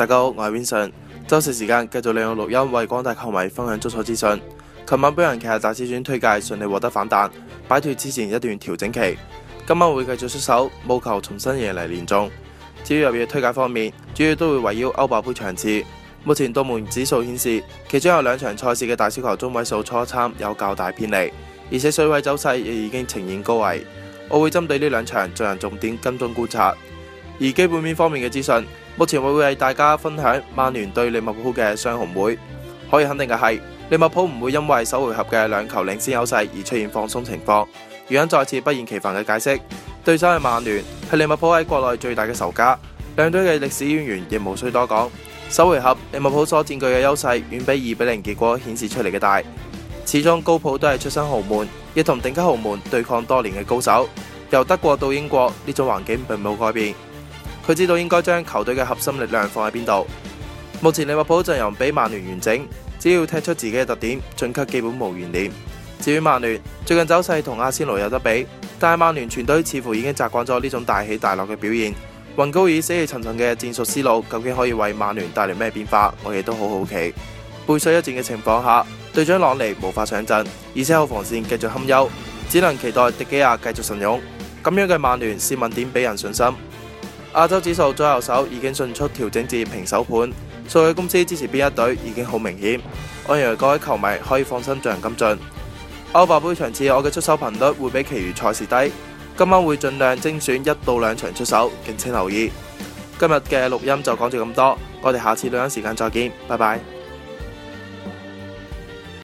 大家好，我係 Vincent，周四時間繼續利用錄音為廣大球迷分享足彩資訊。琴晚本人旗下大資金推介順利獲得反彈，擺脫之前一段調整期，今晚會繼續出手，務求重新贏嚟連中。至於入夜推介方面，主要都會圍繞歐霸盃場次。目前度門指數顯示，其中有兩場賽事嘅大小球中位數初參有較大偏離，而且水位走勢亦已經呈現高位。我會針對呢兩場進行重點跟蹤觀察。而基本面方面嘅資訊。目前會為大家分享曼聯對利物浦嘅雙紅會。可以肯定嘅係，利物浦唔會因為首回合嘅兩球領先優勢而出現放鬆情況。原因再次不厭其煩嘅解釋，對手係曼聯，係利物浦喺國內最大嘅仇家，兩隊嘅歷史淵源亦無需多講。首回合利物浦所佔據嘅優勢遠比二比零結果顯示出嚟嘅大。始終高普都係出身豪門，亦同頂級豪門對抗多年嘅高手。由德國到英國，呢種環境並冇改變。佢知道應該將球隊嘅核心力量放喺邊度。目前利物浦陣容比曼聯完整，只要踢出自己嘅特點，晉級基本無懸念。至於曼聯，最近走勢同阿仙奴有得比，但係曼聯全隊似乎已經習慣咗呢種大起大落嘅表現。雲高爾死氣沉沉嘅戰術思路，究竟可以為曼聯帶來咩變化？我亦都好好奇。背水一戰嘅情況下，隊長朗尼無法上陣，而且後防線繼續堪憂，只能期待迪基亞繼續神勇。咁樣嘅曼聯，試問點俾人信心？亞洲指數左右手已經迅速調整至平手盤，數據公司支持邊一隊已經好明顯。我認為各位球迷可以放心進行跟進。歐霸杯場次我嘅出手頻率會比其餘賽事低，今晚會盡量精選一到兩場出手，敬請留意。今日嘅錄音就講住咁多，我哋下次錄音時間再見，拜拜。